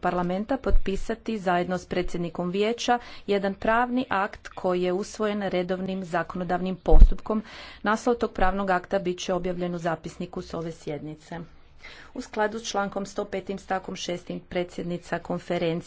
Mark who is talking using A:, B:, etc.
A: parlamenta potpisati zajedno s predsjednikom vijeća jedan pravni akt koji je usvojen redovnim zakonodavnim postupkom. Naslov tog pravnog akta bit će objavljen u zapisniku s ove sjednice. U skladu s člankom 105. stakom 6. predsjednica
B: konferencije